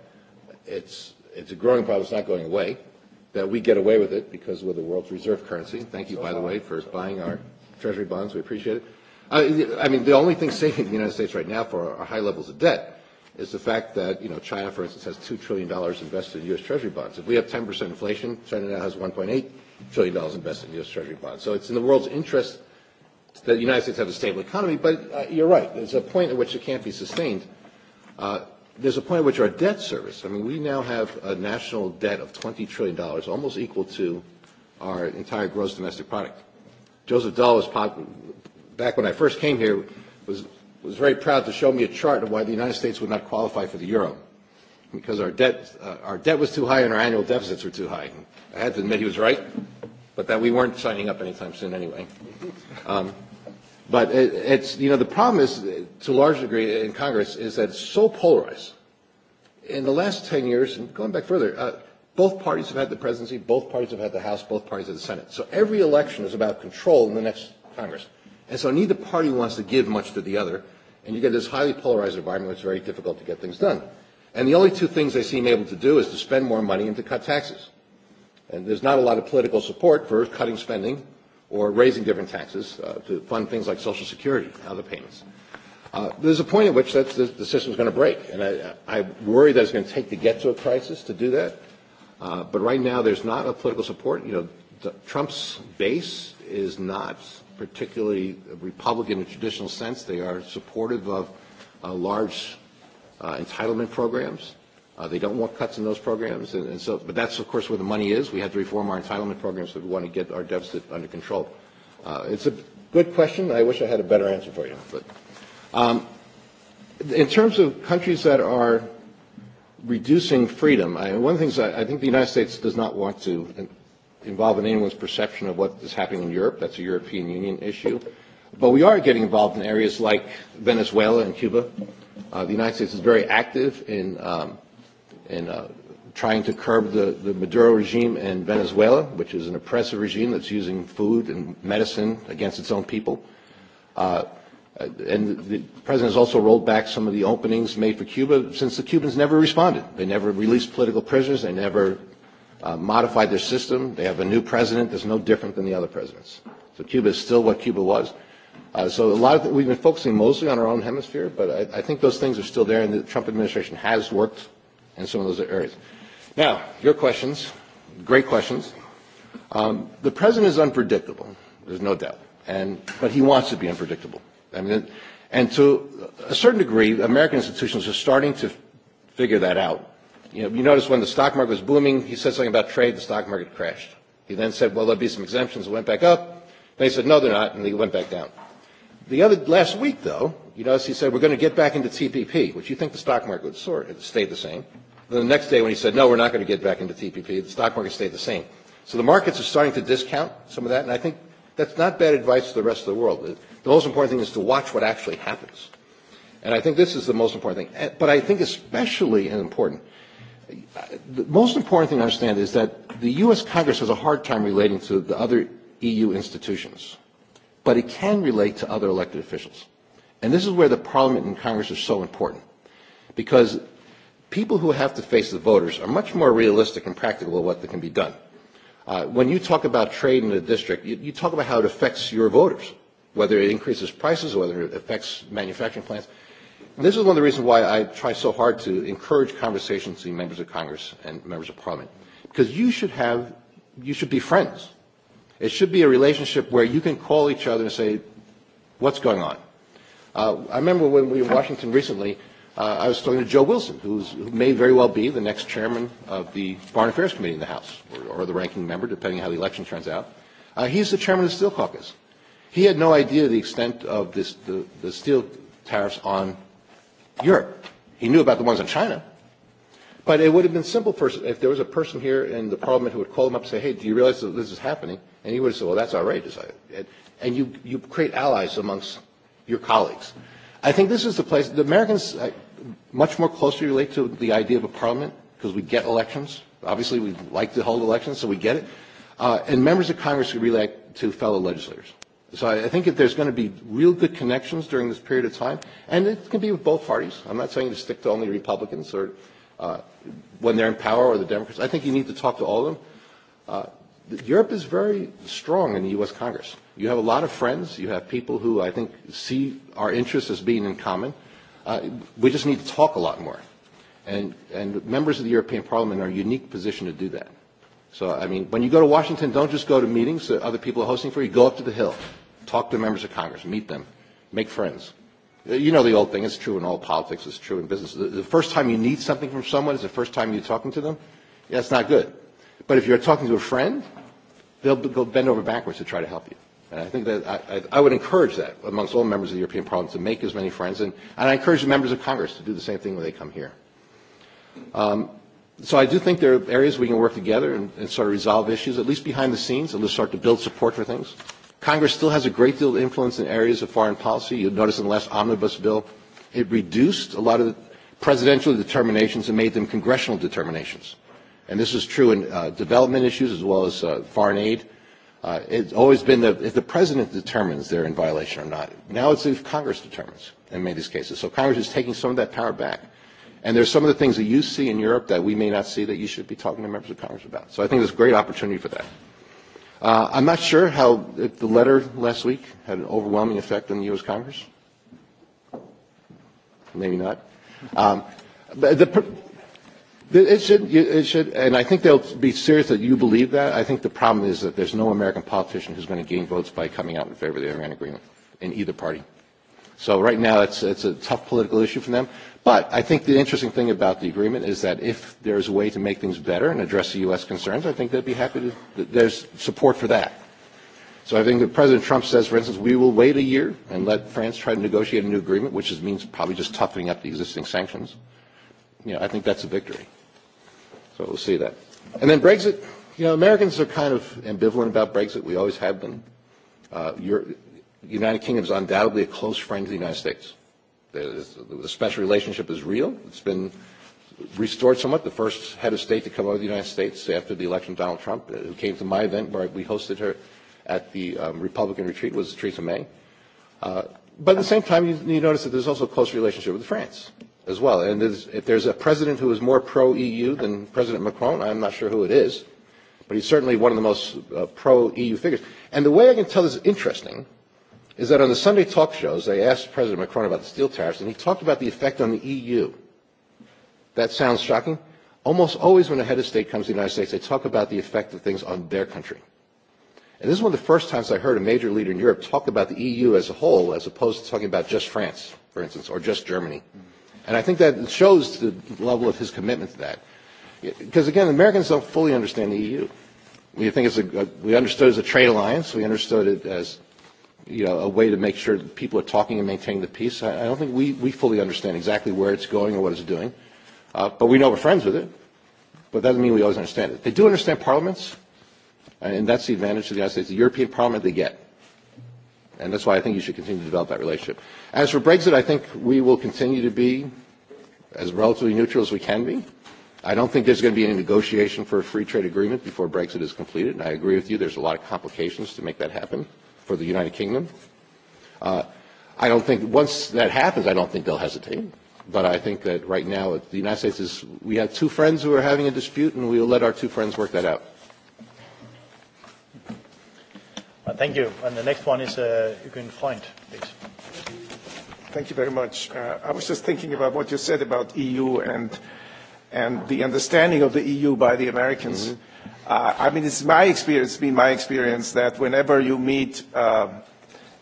it's, it's a growing problem. It's not going away. That we get away with it because we're the world's reserve currency. Thank you, by the way, for buying our treasury bonds. We appreciate it. I, uh, I mean, the only thing saving the United States right now for our high levels of debt is the fact that, you know, China, for instance, has $2 trillion invested in U.S. treasury bonds. If we have 10% inflation, China now has $1.8 trillion invested in U.S. treasury bonds. So it's in the world's interest that the United States have a stable economy, but uh, you're right. There's a point at which it can't be sustained. Uh, there's a point at which our debt service, I mean, we now have a national debt of $20 trillion, almost equal to our entire gross domestic product. Joseph Dahl was pop, back when I first came here, was, was very proud to show me a chart of why the United States would not qualify for the euro. Because our debt, uh, our debt was too high and our annual deficits were too high. I had to admit he was right, but that we weren't signing up anytime soon anyway. Um, But it, it's, you know, the problem is, to a large degree in Congress, is that it's so polarized. In the last 10 years, and going back further, uh, both parties have had the presidency, both parties have had the House, both parties have the Senate. So every election is about control in the next Congress. And so neither party wants to give much to the other, and you get this highly polarized environment where it's very difficult to get things done. And the only two things they seem able to do is to spend more money and to cut taxes. And there's not a lot of political support for cutting spending or raising different taxes uh, to fund things like Social Security and other payments. Uh, there's a point at which that's, the, the is going to break, and I, I worry that it's going to take to get to a crisis to do that. Uh, but right now, there's not a political support. You know, the, Trump's base is not particularly Republican in the traditional sense. They are supportive of uh, large uh, entitlement programs. Uh, they don't want cuts in those programs, and, and so, but that's of course where the money is. We have to reform our entitlement programs if we want to get our deficit under control. Uh, it's a good question. I wish I had a better answer for you. But um, in terms of countries that are reducing freedom, I, one of the things I, I think the United States does not want to involve in anyone's perception of what is happening in Europe. That's a European Union issue. But we are getting involved in areas like Venezuela and Cuba. Uh, the United States is very active in um, and uh, trying to curb the, the Maduro regime in Venezuela, which is an oppressive regime that's using food and medicine against its own people. Uh, uh, and the president has also rolled back some of the openings made for Cuba since the Cubans never responded. They never released political prisoners. They never uh, modified their system. They have a new president that's no different than the other presidents. So Cuba is still what Cuba was. Uh, so a lot of th- we've been focusing mostly on our own hemisphere, but I, I think those things are still there, and the Trump administration has worked and some of those areas. Now, your questions, great questions. Um, the president is unpredictable, there's no doubt, and, but he wants to be unpredictable. I mean, and to a certain degree, American institutions are starting to figure that out. You, know, you notice when the stock market was booming, he said something about trade, the stock market crashed. He then said, well, there'll be some exemptions, it went back up. They said, no, they're not, and they went back down. The other last week, though, you notice he said we're going to get back into TPP, which you think the stock market would sort it stayed the same. Then the next day, when he said no, we're not going to get back into TPP, the stock market stayed the same. So the markets are starting to discount some of that, and I think that's not bad advice to the rest of the world. The most important thing is to watch what actually happens, and I think this is the most important thing. But I think especially important. The most important thing to understand is that the U.S. Congress has a hard time relating to the other EU institutions but it can relate to other elected officials. And this is where the Parliament and Congress are so important, because people who have to face the voters are much more realistic and practical of what can be done. Uh, when you talk about trade in a district, you, you talk about how it affects your voters, whether it increases prices or whether it affects manufacturing plants. And this is one of the reasons why I try so hard to encourage conversations between members of Congress and members of Parliament, because you should have, you should be friends It should be a relationship where you can call each other and say, what's going on? Uh, I remember when we were in Washington recently, uh, I was talking to Joe Wilson, who's, who may very well be the next chairman of the Foreign Affairs Committee in the House, or, or the ranking member, depending on how the election turns out. Uh, he's the chairman of the Steel Caucus. He had no idea the extent of this, the, the steel tariffs on Europe. He knew about the ones on China, But it would have been simple for if there was a person here in the parliament who would call him up and say, "Hey, do you realize that this is happening?" And he would have said, "Well, that's outrageous." And you you create allies amongst your colleagues. I think this is the place. The Americans much more closely relate to the idea of a parliament because we get elections. Obviously, we like to hold elections, so we get it. Uh, and members of Congress relate to fellow legislators. So I, I think if there's going to be real good connections during this period of time, and it can be with both parties. I'm not saying to stick to only Republicans or uh, when they're in power or the Democrats. I think you need to talk to all of them. Uh, Europe is very strong in the U.S. Congress. You have a lot of friends. You have people who I think see our interests as being in common. Uh, we just need to talk a lot more. And, and members of the European Parliament are in a unique position to do that. So, I mean, when you go to Washington, don't just go to meetings that other people are hosting for you. Go up to the Hill. Talk to members of Congress. Meet them. Make friends. Uh, you know the old thing. It's true in all politics. It's true in business. The, the first time you need something from someone is the first time you're talking to them. Yeah, that's not good. But if you're talking to a friend, they'll, they'll bend over backwards to try to help you. And I think that I, I, I would encourage that amongst all members of the European Parliament to make as many friends. And, and I encourage the members of Congress to do the same thing when they come here. Um, so I do think there are areas we can work together and, and sort of resolve issues, at least behind the scenes, at least start to build support for things. Congress still has a great deal of influence in areas of foreign policy. You'll notice in the last omnibus bill, it reduced a lot of presidential determinations and made them congressional determinations. And this is true in uh, development issues as well as uh, foreign aid. Uh, it's always been that if the president determines they're in violation or not, now it's if Congress determines in many of these cases. So Congress is taking some of that power back. And there's some of the things that you see in Europe that we may not see that you should be talking to members of Congress about. So I think there's a great opportunity for that. Uh, I'm not sure how the letter last week had an overwhelming effect on the U.S. Congress. Maybe not. Um, but the, it should, it should, and I think they'll be serious that you believe that. I think the problem is that there's no American politician who's going to gain votes by coming out in favor of the Iran agreement in either party. So right now, it's, it's a tough political issue for them. But I think the interesting thing about the agreement is that if there's a way to make things better and address the U.S. concerns, I think they'd be happy to, there's support for that. So I think that President Trump says, for instance, we will wait a year and let France try to negotiate a new agreement, which is, means probably just toughening up the existing sanctions. You know, I think that's a victory. So we'll see that. And then Brexit, you know, Americans are kind of ambivalent about Brexit. We always have been. Uh, Europe, United Kingdom is undoubtedly a close friend to the United States. The special relationship is real. It's been restored somewhat. The first head of state to come out of the United States after the election of Donald Trump, uh, who came to my event where we hosted her at the um, Republican retreat, was Theresa May. Uh, but at the same time, you, you notice that there's also a close relationship with France as well. And there's, if there's a president who is more pro-EU than President Macron, I'm not sure who it is, but he's certainly one of the most uh, pro-EU figures. And the way I can tell this is interesting – is that on the Sunday talk shows, they asked President Macron about the steel tariffs, and he talked about the effect on the EU. That sounds shocking. Almost always when a head of state comes to the United States, they talk about the effect of things on their country. And this is one of the first times I heard a major leader in Europe talk about the EU as a whole, as opposed to talking about just France, for instance, or just Germany. And I think that shows the level of his commitment to that. Because again, Americans don't fully understand the EU. We think it's a, we understood it as a trade alliance. We understood it as you know, a way to make sure that people are talking and maintaining the peace. I, I don't think we, we fully understand exactly where it's going or what it's doing, uh, but we know we're friends with it. But that doesn't mean we always understand it. They do understand parliaments, and that's the advantage of the United States. The European Parliament they get, and that's why I think you should continue to develop that relationship. As for Brexit, I think we will continue to be as relatively neutral as we can be. I don't think there's going to be any negotiation for a free trade agreement before Brexit is completed, and I agree with you. There's a lot of complications to make that happen. Uh, for the United Kingdom. Uh, I don't think once that happens, I don't think they'll hesitate. But I think that right now, the United States is. We have two friends who are having a dispute, and we will let our two friends work that out. Uh, thank you. And the next one is uh, Freund, please. Thank you very much. Uh, I was just thinking about what you said about EU and and the understanding of the EU by the Americans. Mm-hmm Uh, I mean, it's my experience, been my experience that whenever you meet uh,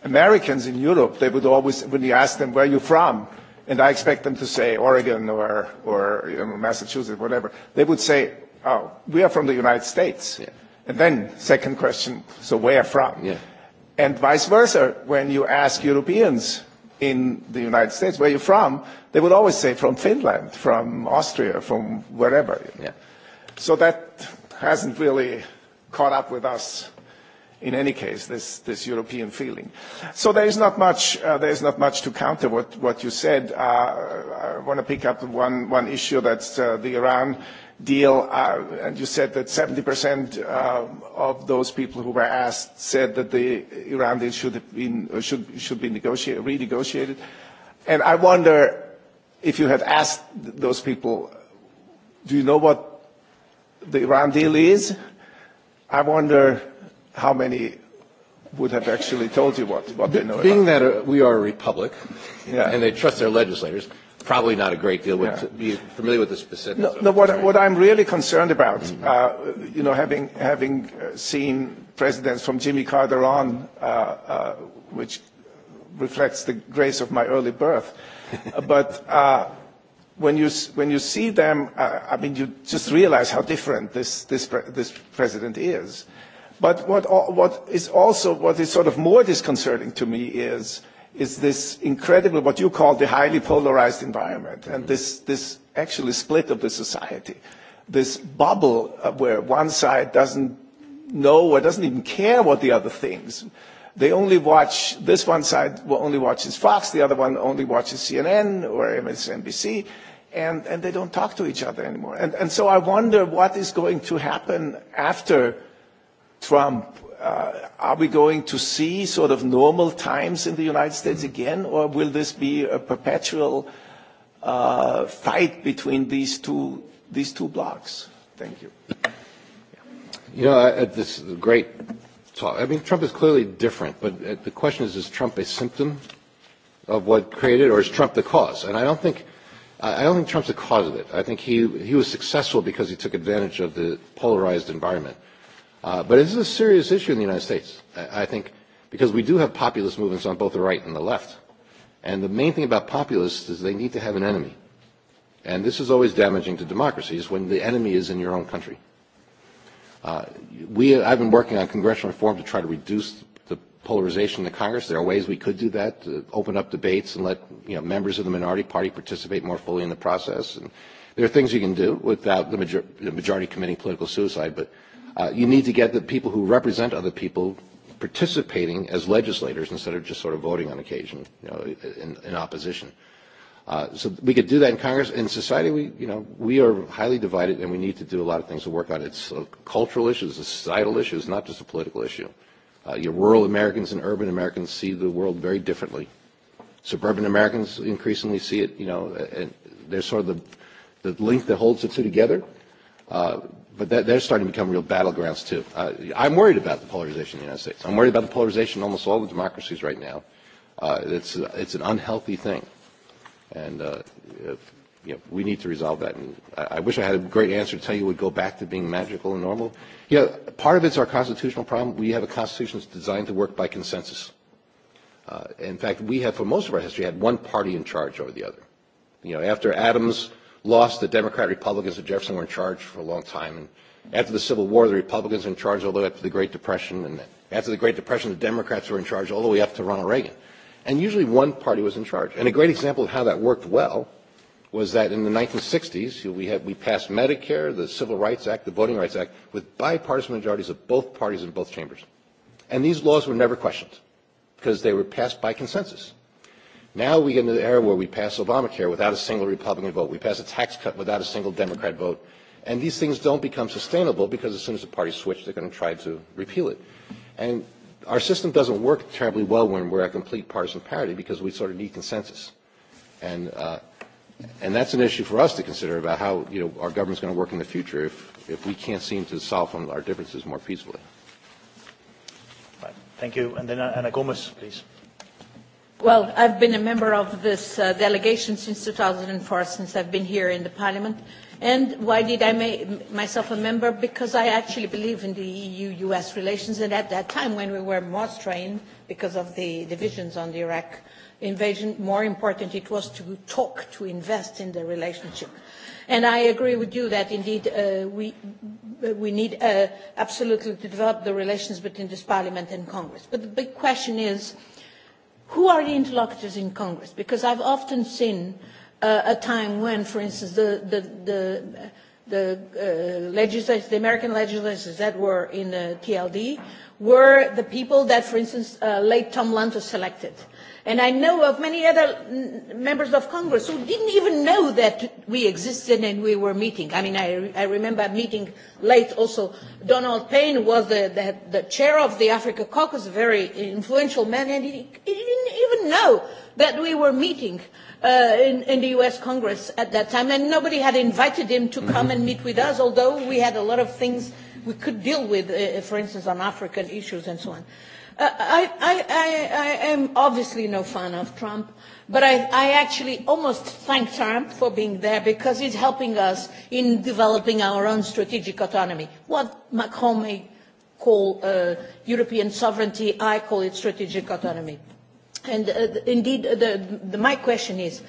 Americans in Europe, they would always, when you ask them, where are you from? And I expect them to say Oregon or, or you know, Massachusetts, whatever. They would say, oh, we are from the United States. Yeah. And then second question, so where from? Yeah. And vice versa, when you ask Europeans in the United States, where are you from? They would always say from Finland, from Austria, from wherever. Yeah. So that hasn't really caught up with us in any case, this, this European feeling. So there is not much, uh, there is not much to counter what, what you said. Uh, I want to pick up one, one issue that's uh, the Iran deal. Uh, and you said that 70% uh, of those people who were asked said that the Iran deal should, have been, uh, should, should be negotiated, renegotiated. And I wonder if you had asked those people, do you know what the Iran deal is, I wonder how many would have actually told you what, what they know Being about. that uh, we are a republic yeah. and they trust their legislators, probably not a great deal with, yeah. be familiar with the specifics. No, no what, what I'm really concerned about, mm-hmm. uh, you know, having, having uh, seen presidents from Jimmy Carter on, uh, uh, which reflects the grace of my early birth, *laughs* but uh, when you when you see them, uh, I mean, you just realize how different this this this president is. But what what is also what is sort of more disconcerting to me is is this incredible what you call the highly polarized environment and this this actually split of the society, this bubble uh, where one side doesn't know or doesn't even care what the other thinks. They only watch this one side only watches Fox, the other one only watches CNN or MSNBC and, and they don't talk to each other anymore. And, and so I wonder what is going to happen after Trump. Uh, are we going to see sort of normal times in the United States again, or will this be a perpetual uh, fight between these two, these two blocks? Thank you. You know, I, this great talk, I mean, Trump is clearly different, but uh, the question is, is Trump a symptom of what created, or is Trump the cause? And I don't think I don't think Trump's the cause of it. I think he, he was successful because he took advantage of the polarized environment. Uh, but this is a serious issue in the United States, I, I think, because we do have populist movements on both the right and the left. And the main thing about populists is they need to have an enemy. And this is always damaging to democracies when the enemy is in your own country. Uh, we, I've been working on congressional reform to try to reduce polarization in the Congress. There are ways we could do that, to open up debates and let you know, members of the minority party participate more fully in the process. And there are things you can do without the, major- the majority committing political suicide, but uh, you need to get the people who represent other people participating as legislators instead of just sort of voting on occasion you know, in, in opposition. Uh, so we could do that in Congress. In society, we, you know, we are highly divided, and we need to do a lot of things to work on it. It's a cultural issue, it's a societal issue, it's not just a political issue. Uh, Uh, your rural Americans and urban Americans see the world very differently. Suburban Americans increasingly see it, you know, and they're sort of the, the link that holds the two together. Uh, but that, they're starting to become real battlegrounds too. Uh, I'm worried about the polarization in the United States. I'm worried about the polarization in almost all the democracies right now. Uh, it's, it's an unhealthy thing. And uh, you know, we need to resolve that. And I, I wish I had a great answer to tell you it would go back to being magical and normal. Yeah, part of it's our constitutional problem. We have a constitution that's designed to work by consensus. Uh, in fact, we have, for most of our history, had one party in charge over the other. You know, after Adams lost, the Democrat Republicans and Jefferson were in charge for a long time. And after the Civil War, the Republicans were in charge all the way up to the Great Depression. And after the Great Depression, the Democrats were in charge all the way up to Ronald Reagan. And usually one party was in charge. And a great example of how that worked well – was that in the 1960s, we, had, we passed Medicare, the Civil Rights Act, the Voting Rights Act, with bipartisan majorities of both parties in both chambers. And these laws were never questioned because they were passed by consensus. Now we get into the era where we pass Obamacare without a single Republican vote. We pass a tax cut without a single Democrat vote. And these things don't become sustainable because as soon as the parties switch, they're going to try to repeal it. And our system doesn't work terribly well when we're at complete partisan parity because we sort of need consensus. And uh, and that's an issue for us to consider about how you know our government's going to work in the future if if we can't seem to solve our differences more peacefully. Thank you. And then uh, Anna Gomez, please. Well, I've been a member of this uh, delegation since 2004, since I've been here in the Parliament. And why did I make myself a member? Because I actually believe in the EU-US relations. And at that time, when we were more strained because of the divisions on the Iraq invasion, more important it was to talk, to invest in the relationship. And I agree with you that indeed uh, we, we need uh, absolutely to develop the relations between this Parliament and Congress. But the big question is, who are the interlocutors in Congress? Because I've often seen uh, a time when, for instance, the, the, the the uh, legislators, the American legislators that were in the TLD, were the people that, for instance, uh, late Tom Lantos selected. Uh, And I know of many other members of Congress who didn't even know that we existed and we were meeting. I mean, I, I remember meeting late also. Donald Payne was the, the, the chair of the Africa Caucus, a very influential man, and he, he didn't even know that we were meeting uh, in, in the U.S. Congress at that time, and nobody had invited him to come and meet with us, although we had a lot of things we could deal with, uh, for instance, on African issues and so on. Uh, Uh, I, I, I, I am obviously no fan of Trump, but I, I actually almost thank Trump for being there because he's helping us in developing our own strategic autonomy. What Macron may call uh, European sovereignty, I call it strategic autonomy. And uh, indeed, the, the, my question is, uh,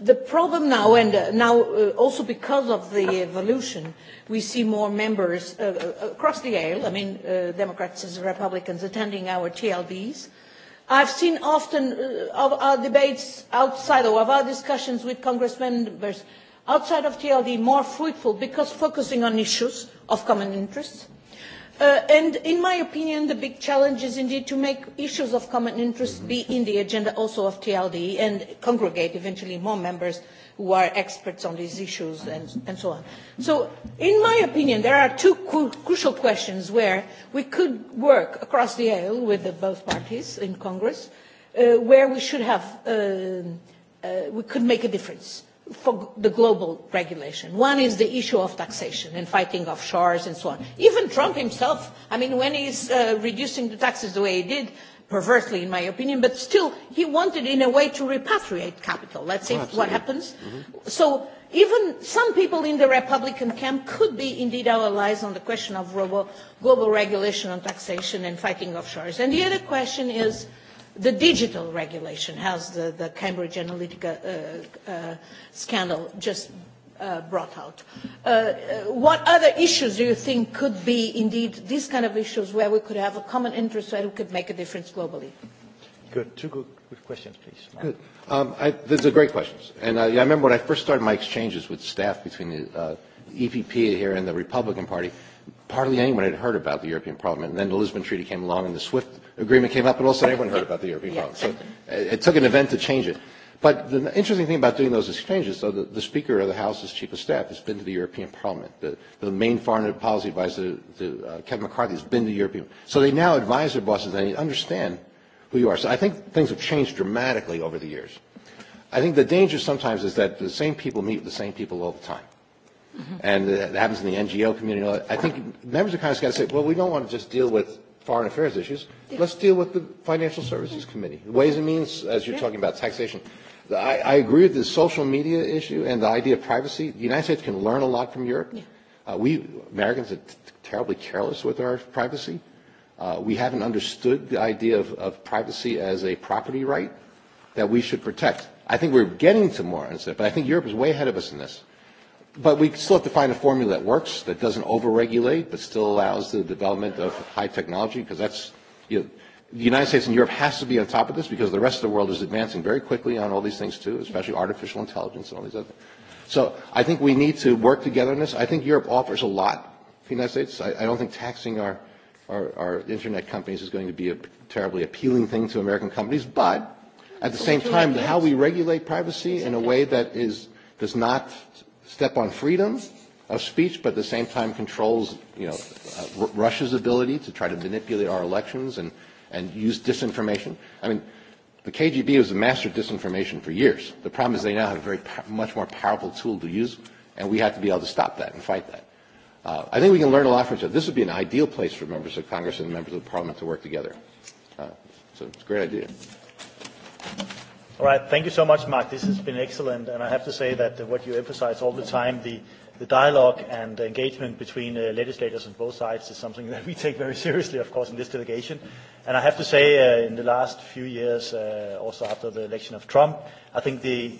The problem now, and uh, now uh, also because of the evolution, we see more members uh, uh, across the aisle, I mean, uh, Democrats and Republicans attending our TLBs. I've seen often uh, of our debates outside or of our discussions with Congress members outside of TLD more fruitful because focusing on issues of common interests. Uh, and in my opinion, the big challenge is indeed to make issues of common interest be in the agenda also of TLD and congregate eventually more members who are experts on these issues and, and so on. So in my opinion, there are two cu crucial questions where we could work across the aisle with the, both parties in Congress, uh, where we should have, uh, uh, we could make a difference for the global regulation. One is the issue of taxation and fighting offshores and so on. Even Trump himself, I mean, when he's uh, reducing the taxes the way he did, perversely in my opinion, but still he wanted in a way to repatriate capital. Let's see oh, what happens. Mm-hmm. So even some people in the Republican camp could be indeed our allies on the question of global regulation on taxation and fighting offshores. And the other question is, the digital regulation, as the, the Cambridge Analytica uh, uh, scandal just uh, brought out. Uh, uh, what other issues do you think could be indeed these kind of issues where we could have a common interest where we could make a difference globally? Good. Two good, good questions, please. Mark. Good. Um, I, these are great questions. And I, I remember when I first started my exchanges with staff between the uh, EPP here and the Republican Party, hardly anyone had heard about the European Parliament. And then the Lisbon Treaty came along and the SWIFT agreement came up, but also everyone heard about the European yeah. Parliament. So uh, it, took an event to change it. But the interesting thing about doing those exchanges, so the, the Speaker of the House's Chief of Staff has been to the European Parliament. The, the main foreign policy advisor, uh, Kevin McCarthy, has been to the European Parliament. So they now advise their bosses and they understand who you are. So I think things have changed dramatically over the years. I think the danger sometimes is that the same people meet with the same people all the time. Mm-hmm. And uh, that happens in the NGO community. I think members of Congress got to say, well, we don't want to just deal with foreign affairs issues. Yeah. Let's deal with the Financial Services Committee. Ways and Means, as you're yeah. talking about taxation. I, I agree with the social media issue and the idea of privacy. The United States can learn a lot from Europe. Yeah. Uh, we Americans are t- terribly careless with our privacy. Uh, we haven't understood the idea of, of privacy as a property right that we should protect. I think we're getting to more but I think Europe is way ahead of us in this but we still have to find a formula that works, that doesn't overregulate, but still allows the development of high technology, because that's, you know, the United States and Europe has to be on top of this because the rest of the world is advancing very quickly on all these things too, especially artificial intelligence and all these other things. So I think we need to work together on this. I think Europe offers a lot to the United States. I, I don't think taxing our, our, our internet companies is going to be a terribly appealing thing to American companies, but at the same time, how we regulate privacy in a way that is, does not step on freedom of speech, but at the same time controls, you know, uh, Russia's ability to try to manipulate our elections and, and use disinformation. I mean, the KGB was a master of disinformation for years. The problem is they now have a very much more powerful tool to use, and we have to be able to stop that and fight that. Uh, I think we can learn a lot from each other. This would be an ideal place for members of Congress and members of Parliament to work together. Uh, so it's a great idea. All right. Thank you so much, Mark. This has been excellent, and I have to say that what you emphasize all the time, the dialogue and engagement between uh, legislators on both sides is something that we take very seriously, of course, in this delegation. And I have to say, uh, in the last few years, uh, also after the election of Trump, I think the,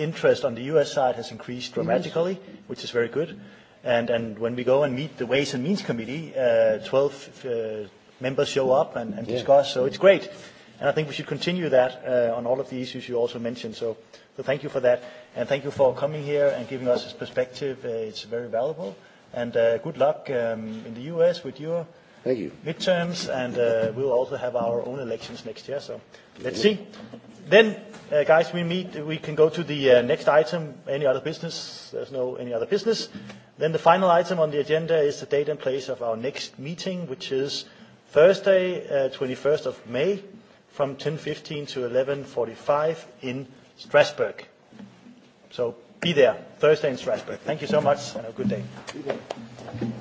interest on the U.S. side has increased dramatically, which is very good. And, when we go and meet the Ways and Means Committee, 12 members show up and, discuss, so it's great. I think we should continue that uh, on all of the issues you also mentioned. So, so thank you for that. And thank you for coming here and giving us this perspective. Uh, it's very valuable. And uh, good luck um, in the U.S. with your thank you. midterms. And uh, we'll also have our own elections next year. So let's see. Then, uh, guys, we meet. We can go to the uh, next item. Any other business? There's no any other business. Then the final item on the agenda is the date and place of our next meeting, which is Thursday, uh, 21st of May from 10.15 to 11.45 in Strasbourg. So be there Thursday in Strasbourg. Thank you so much and have a good day.